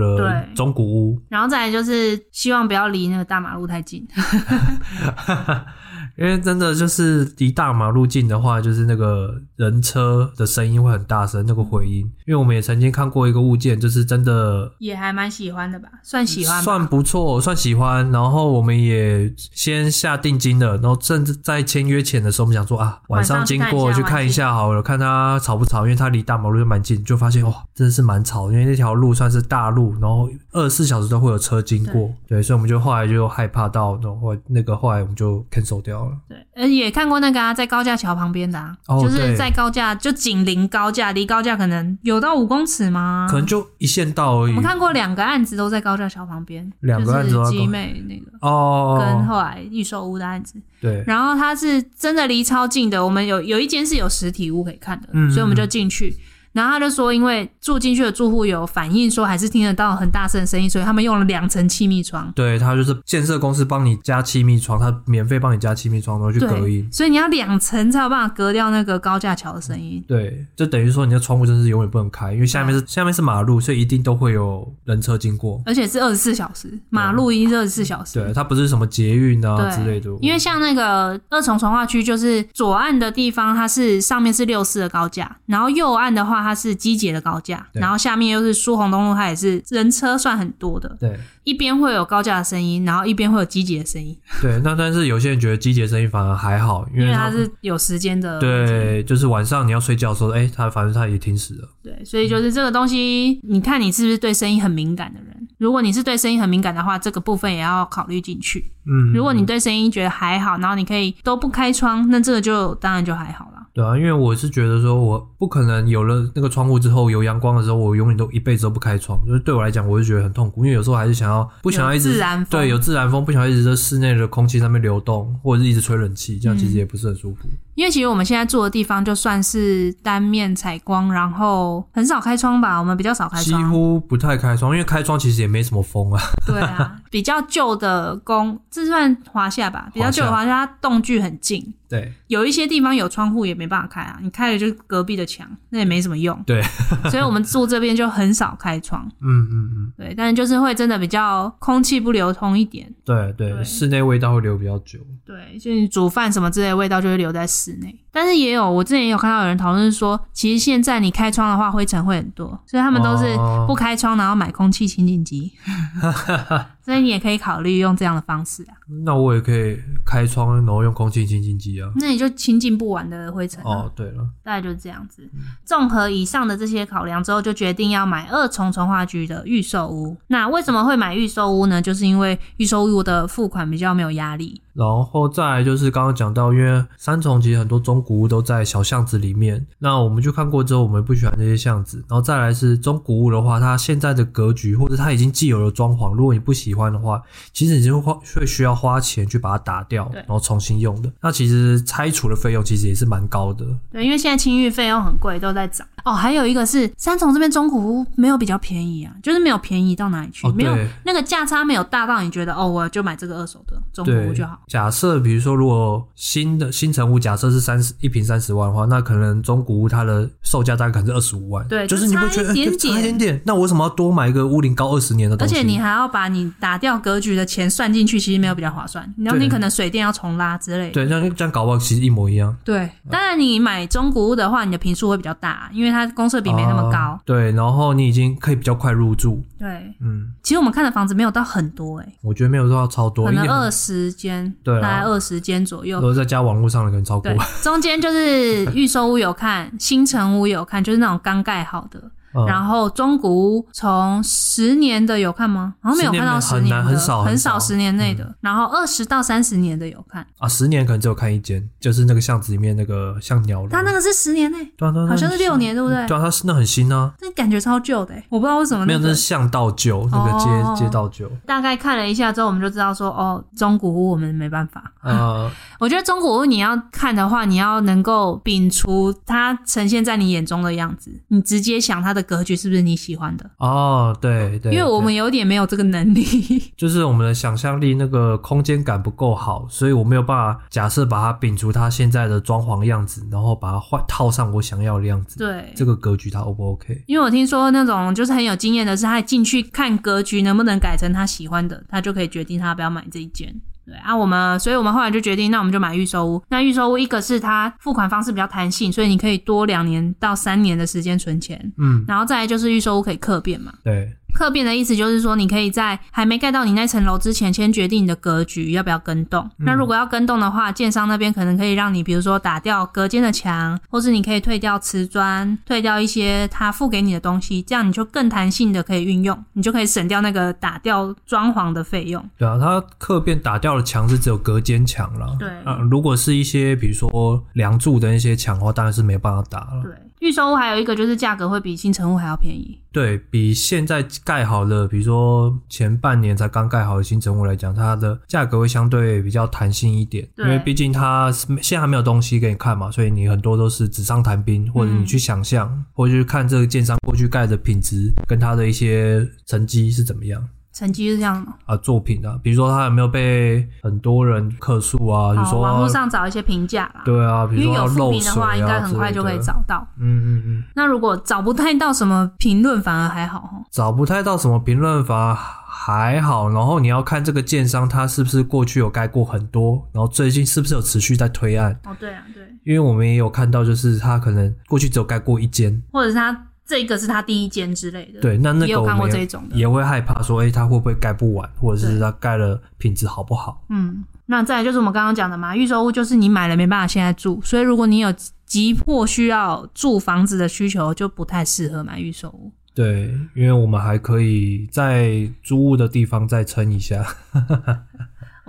中古屋對，然後再來就是希望不要離那個大馬路太近。 因為真的就是離大馬路近的話，就是那個人車的聲音會很大聲，那個回音。因為我們也曾經看過一個物件，就是真的也還蠻喜歡的吧，算喜歡，算不錯，算喜歡。然後我們也先下定金了，然後甚至在簽約前的時候，我們想說啊，晚上經過了晚上看一下，去看一下好了，看它吵不吵，因為它離大馬路又蠻近，就發現哇，真的是蠻吵。因為那條路算是大路，然後二十四小時都會有車經過，對，對，所以我們就後來就害怕到，那種後來，那個後來我們就 cancel 掉了。對，嗯，也看過那個啊，在高架橋旁邊的啊，oh, 就是在高架，就緊鄰高架，離高架可能有到五公尺嗎？可能就一線道而已。我們看過兩個案子，都在高架橋旁邊，就是吉妹那個、oh. 跟後來預售屋的案子。對，然後它是真的離超近的，我們有有一間是有實體屋可以看的，嗯、所以我們就進去。然後他就說，因為住進去的住戶有反映說還是聽得到很大聲的聲音，所以他們用了兩層氣密窗。對，他就是建設公司幫你加氣密窗，他免費幫你加氣密窗，然後去隔音。所以你要兩層才有辦法隔掉那個高架橋的聲音。對，就等於說你的窗戶真是永遠不能開，因為下面是下面是馬路，所以一定都會有人車經過，而且是二十四小時馬路，已經是二十四小時。對，它不是什麼捷運啊之類的。因為像那個二重重劃區，就是左岸的地方，它是上面是六四的高架，然後右岸的話。它是機捷的高架，然後下面又是蘇虹東路，它也是人車算很多的。對，一邊會有高架的聲音，然後一邊會有機捷的聲音。對，那但是有些人覺得機捷聲音反而還好，因為它是有時間的。對，就是晚上你要睡覺的時候，哎，它反正它也停駛了。對，所以就是這個東西、嗯，你看你是不是對聲音很敏感的人？如果你是對聲音很敏感的話，這個部分也要考慮進去。嗯，嗯，如果你對聲音覺得還好，然後你可以都不開窗，那這個就當然就還好了。對啊，因為我是覺得說，我不可能有了那個窗戶之後有陽光的時候，我永遠都一輩子都不開窗。就是對我來講，我就覺得很痛苦，因為有時候還是想要，不想要一直，有自然風，對，有自然風，不想要一直在室內的空氣上面流動，或者是一直吹冷氣，這樣其實也不是很舒服。嗯因為其實我們現在住的地方就算是單面採光，然後很少開窗吧。我們比較少開窗，幾乎不太開窗，因為開窗其實也沒什麼風啊。 對啊，比較舊的公，這算華廈吧？比較舊的華廈，棟距很近。對，有一些地方有窗戶也沒辦法開啊，你開了就是隔壁的牆，那也沒什麼用。對， 所以我們住這邊就很少開窗。嗯嗯嗯，對，但是就是會真的比較空氣不流通一點。對對，對，室內味道會留比較久。對，就是你煮飯什麼之類的味道就會留在室。但是也有，我之前也有看到有人討論是說，其實現在你開窗的話，灰塵會很多，所以他們都是不開窗，然後買空氣清淨機。 所以你也可以考慮用這樣的方式啊。那我也可以開窗，然後用空氣清新機啊。那你就清淨不完的灰塵、啊、哦。對了，大概就是這樣子。綜、嗯、合以上的這些考量之後，就決定要買二重重劃區的預售屋。那為什麼會買預售屋呢？就是因為預售屋的付款比較沒有壓力。然後再來就是剛剛講到，因為三重其實很多中古屋都在小巷子裡面。那我們去看過之後，我們不喜歡這些巷子。然後再來是中古屋的話，它現在的格局或者它已經既有了裝潢，如果你不喜歡。關的話，其實你就會花、會需要花錢去把它打掉，然後重新用的。那其實拆除的費用其實也是蠻高的。對，因為現在清運費用很貴，都在漲。哦，還有一個是三重這邊中古屋沒有比較便宜啊，就是沒有便宜到哪裡去，哦、沒有那個價差沒有大到你覺得哦，我就買這個二手的中古屋就好。假設比如說如果新的新成屋假設是三十，一坪三十萬的話，那可能中古屋它的售價大概可能是二十五萬，對，就是你會覺得就差一點點，欸、一點點。那我為什麼要多買一個屋齡高二十年的東西？而且你還要把你打打掉格局的錢算進去，其實沒有比較划算。然後你可能水電要重拉之類的。對，這樣這樣搞不好其實一模一樣。對，當然你買中古屋的話，你的坪數會比較大，因為它公設比沒那麼高，啊。對，然後你已經可以比較快入住。對，嗯，其實我們看的房子沒有到很多哎，欸，我覺得沒有到超多，可能二十間，對，大概二十間左右。如果再加網絡上的，可能超過。中間就是預售屋有看， 新成屋有看，就是那種剛蓋好的。嗯、然後中古屋從十年的有看嗎？好像沒有看到十年，十年很，難很少，很少十、嗯、年內的。然後二十到三十年的有看啊，十年可能只有看一間，就是那個巷子裡面那個像鳥籠。它那個是十年內，對、啊、對、啊，好像是六年，對不對？對、啊，它那很新呢、啊。那感覺超舊的、欸，我不知道為什麼、那個。沒有，那是巷道舊，那個街、哦、街道舊。大概看了一下之後，我們就知道說，哦，中古屋我們沒辦法。呃、 嗯，我覺得中古屋你要看的話，你要能夠摒除它呈現在你眼中的樣子，你直接想它的。格局是不是你喜歡的？哦、oh,，對對，因為我們有點沒有這個能力，就是我們的想象力那個空間感不夠好，所以我沒有辦法假設把它摒除它現在的裝潢樣子，然後把它換套上我想要的樣子。對，這個格局它 O 不 OK？因為我聽說那種就是很有經驗的是，他進去看格局能不能改成他喜歡的，他就可以決定他不要買這一間。對啊，我們，所以我們後來就決定，那我們就買預售屋。那預售屋，一個是它付款方式比較彈性，所以你可以多兩年到三年的時間存錢，嗯，然後再來就是預售屋可以客變嘛，對。客變的意思就是說，你可以在還沒蓋到你那層樓之前，先決定你的格局要不要更動。嗯、那如果要更動的話，建商那邊可能可以讓你，比如說打掉隔間的牆，或是你可以退掉瓷磚，退掉一些他付給你的東西，這樣你就更彈性的可以運用，你就可以省掉那個打掉裝潢的費用。對啊，他客變打掉的牆是只有隔間牆啦。對、啊，如果是一些比如說梁柱的那些牆的話，當然是沒辦法打了。對。預售屋還有一個就是價格會比新成屋還要便宜，對，比現在蓋好的，比如說前半年才剛蓋好的新成屋來講，它的價格會相對比較彈性一點，對，因為畢竟它現在還沒有東西給你看嘛，所以你很多都是紙上談兵，或者你去想象，嗯、或者去看這個建商過去蓋的品質，跟它的一些成績是怎麼樣。成績是這樣啊，作品的、啊，比如說他有沒有被很多人客訴啊？就、哦、說網絡上找一些評價啦。對啊，比如說要肉、啊、因為有視頻的話，應該很快就可以找到。嗯嗯嗯。那如果找不太到什麼評論，反而還好。找不太到什麼評論，反而還好。然後你要看這個建商，他是不是過去有蓋過很多，然後最近是不是有持續在推案？哦，對啊，對。因為我們也有看到，就是他可能過去只有蓋過一間，或者是他。這個是他第一間之類的，對，那那個也有看過這種的，也會害怕說，哎、欸，他會不會蓋不完，或者是他蓋了品質好不好？嗯，那再來就是我們剛剛講的嘛，預售屋就是你買了沒辦法現在住，所以如果你有急迫需要住房子的需求，就不太適合買預售屋。對，因為我們還可以在租屋的地方再撐一下。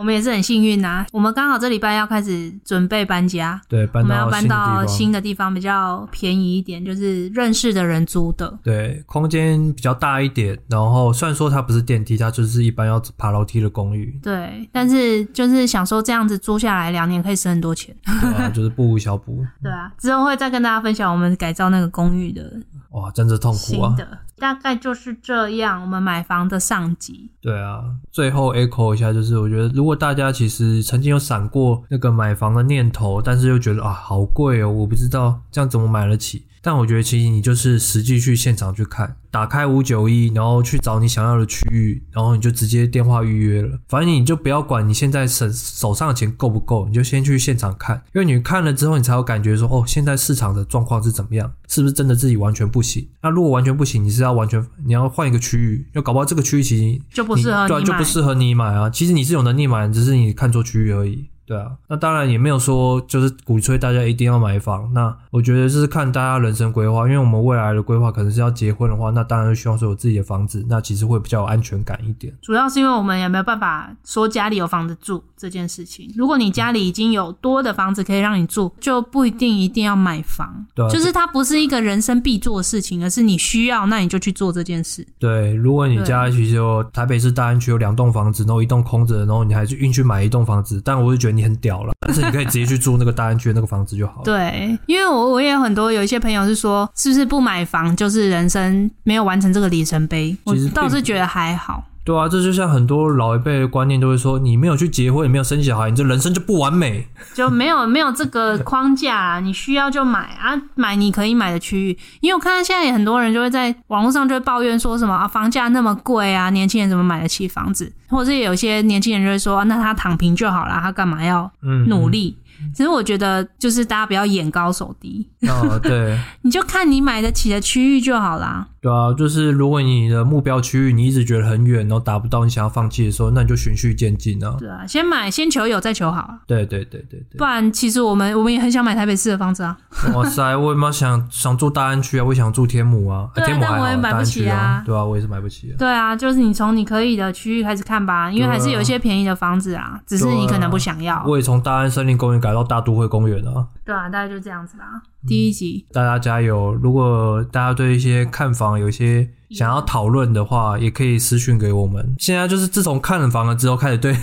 我們也是很幸運吶、啊，我們剛好這禮拜要開始準備搬家，對，搬到，搬到新的地方，地方比較便宜一點，就是認識的人租的，對，空間比較大一點，然後雖然說它不是電梯，它就是一般要爬樓梯的公寓，對，但是就是想說這樣子租下來兩年可以省很多錢，對啊、就是不無小補， 對啊，之後會再跟大家分享我們改造那個公寓的，的，哇，真是痛苦啊。大概就是這樣，我們買房的上集。對啊，最後 echo 一下，就是我覺得，如果大家其實曾經有閃過那個買房的念頭，但是又覺得啊，好貴哦，我不知道這樣怎麼買得起。但我覺得，其實你就是實際去現場去看，打開五九一，然後去找你想要的區域，然後你就直接電話預約了。反正你就不要管你現在手手上的錢夠不夠，你就先去現場看，因為你看了之後，你才有感覺說，哦，現在市場的狀況是怎麼樣，是不是真的自己完全不行？那如果完全不行，你是要完全你要換一個區域，要搞不好這個區域其實就不適合你買，對，就不適合你買啊。其實你是有能力買，只是你看錯區域而已。對啊，那當然也沒有說就是鼓吹大家一定要買房。那我覺得就是看大家人生規劃，因為我們未來的規劃可能是要結婚的話，那當然就希望說有自己的房子，那其實會比較有安全感一點。主要是因為我們也沒有辦法說家裡有房子住這件事情。如果你家裡已經有多的房子可以讓你住，就不一定一定要買房。對啊，就是它不是一個人生必做的事情，而是你需要，那你就去做這件事。對，如果你家其實有台北市大安區有兩棟房子，然後一棟空着，然後你還去運去買一棟房子，但我是覺得。很屌了，但是你可以直接去租那個大安居的那個房子就好了。 對，因為我我也有很多有一些朋友是說，是不是不買房就是人生沒有完成這個里程碑？我倒是覺得還好。對啊，這就像很多老一輩的觀念都會說，你沒有去結婚，你沒有生小孩，你這人生就不完美，就沒有沒有這個框架啊，你需要就買啊，買你可以買的區域。因為我看到現在也很多人就會在網絡上就會抱怨說什麼啊，房價那麼貴啊，年輕人怎麼買得起房子？或者是也有些年輕人就會說，啊，那他躺平就好了，他干嘛要努力。嗯嗯。其實我覺得就是大家不要眼高手低，哦，對， 你就看你買得起的區域就好啦。對啊，就是如果你的目標區域你一直覺得很遠，然後達不到，你想要放棄的時候，那你就循序漸進啊。對啊，先買先求有，再求好啊。對對對對對。不然，其實我們我們也很想買台北市的房子啊。哇塞，我也媽想想住大安區啊，我也想住天母啊，啊啊天母還好，但我也買不起啊，啊。對啊，我也是買不起。啊。對啊，就是你從你可以的區域開始看吧，因為還是有一些便宜的房子啊，只是你可能不想要。啊、我也從大安森林公園改到大都會公園啊。對啊，大概就這樣子啦。第一集、嗯，大家加油！如果大家對一些看房有一些想要討論的話，嗯，也可以私訊給我們。現在就是自從看了房了之後，開始對。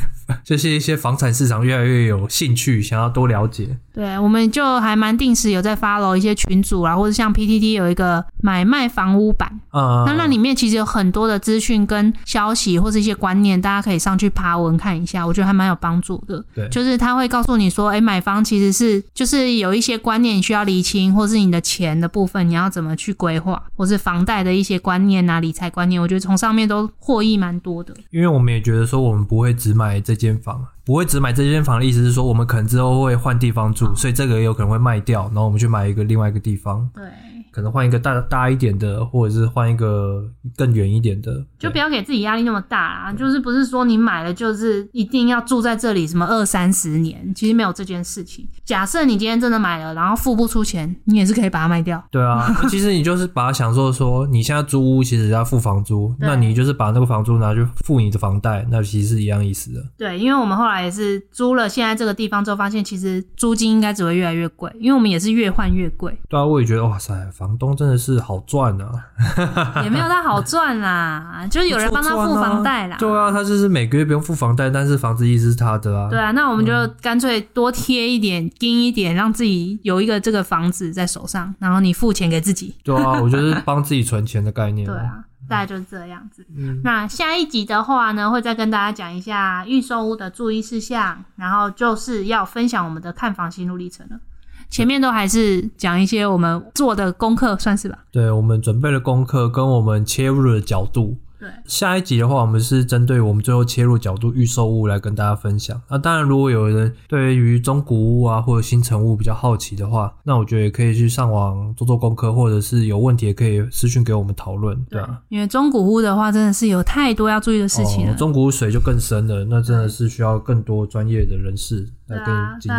就是一些房產市場越來越有興趣，想要多了解。對，我們就還蠻定時有在 follow 一些群組啊，或者像 PTT 有一個買賣房屋版，啊、嗯，那那裡面其實有很多的資訊跟消息，或者一些觀念，大家可以上去爬文看一下，我覺得還蠻有幫助的。對，就是他會告訴你說，哎，買房其實是就是有一些觀念你需要釐清，或是你的錢的部分你要怎麼去規劃，或是房貸的一些觀念啊，理財觀念，我覺得從上面都獲益蠻多的。因為我們也覺得說，我們不會只買這。間房，不會只買這間房的意思是說，我們可能之後會換地方住，嗯，所以這個也有可能會賣掉，然後我們去買一個另外一個地方。對。可能換一個大大一點的，或者是換一個更遠一點的，就不要給自己壓力那麼大啊。就是不是說你買了就是一定要住在這裡，什麼二三十年，其實沒有這件事情。假設你今天真的買了，然後付不出錢，你也是可以把它賣掉。對啊， 其實你就是把它想作說你現在租屋，其實要付房租，那你就是把那個房租拿去付你的房貸，那其實是一樣意思的。對，因為我們後來也是租了現在這個地方之後，發現其實租金應該只會越來越貴，因為我們也是越換越貴。對啊，我也覺得哇塞，房東真的是好賺啊， 也沒有他好賺啦、啊，就是有人幫他付房貸啦、啊。對啊，他就是每個月不用付房貸，但是房子一直是他的啊。對啊，那我們就乾脆多貼一點、釘、嗯、一點，讓自己有一個這個房子在手上，然後你付錢給自己。對啊，我就是幫自己存錢的概念。 對啊，大概就是這樣子，嗯。那下一集的話呢，會再跟大家講一下預售屋的注意事項，然後就是要分享我們的看房心路歷程了。前面都還是講一些我們做的功課，算是吧？對，我們準備的功課跟我們切入的角度。對，下一集的話，我們是針對我們最後切入的角度預售屋來跟大家分享。那、啊、當然，如果有人對於中古屋啊或者新成屋比較好奇的話，那我覺得也可以去上網做做功課，或者是有問題也可以私訊給我們討論。對啊，因為中古屋的話，真的是有太多要注意的事情了。哦、中古屋水就更深了，那真的是需要更多專業的人士。對啊，當然、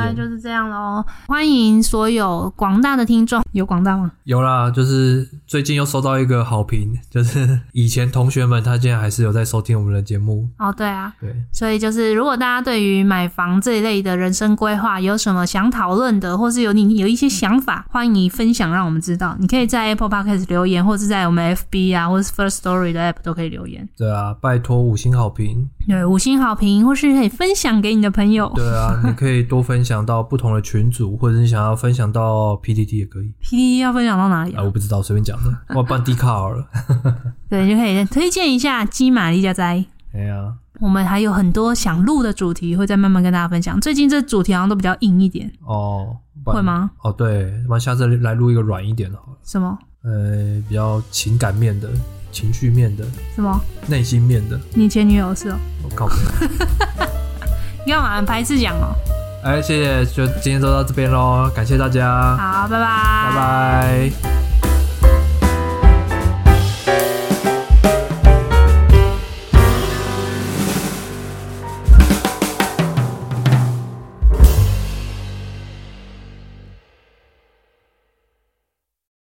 啊啊、就是這樣嘍。歡迎所有廣大的聽眾，有廣大嗎？有啦，就是最近又收到一個好評，就是以前同學們他竟然還是有在收聽我們的節目哦。對啊，對，所以就是如果大家對於買房這一類的人生規劃有什麼想討論的，或是有你有一些想法，嗯、歡迎你分享，讓我們知道。你可以在 Apple Podcast 留言，或者在我們 FB 啊，或者是 Firstory 的 App 都可以留言。對啊，拜託五星好評。對，五星好評，或是可以分享給你的朋友。對啊，你可以多分享到不同的群組， 或者你想要分享到 PTT 也可以。PTT 要分享到哪裡啊？啊我不知道，隨便講的。我要辦 D 卡了。 卡了 對，就可以推薦一下金瑪麗家齋。對啊。我們還有很多想錄的主題，會再慢慢跟大家分享。最近這主題好像都比較硬一點哦，會嗎？哦，對，我們下次來錄一個軟一點的，什麼？呃、欸，比較情感面的。情緒面的什麼？內心面的。你前女友是哦、喔。我、oh, 靠！ 你要安排一次講哦。哎、欸，謝謝，就今天就到這邊咯，感謝大家。好，拜拜，拜拜。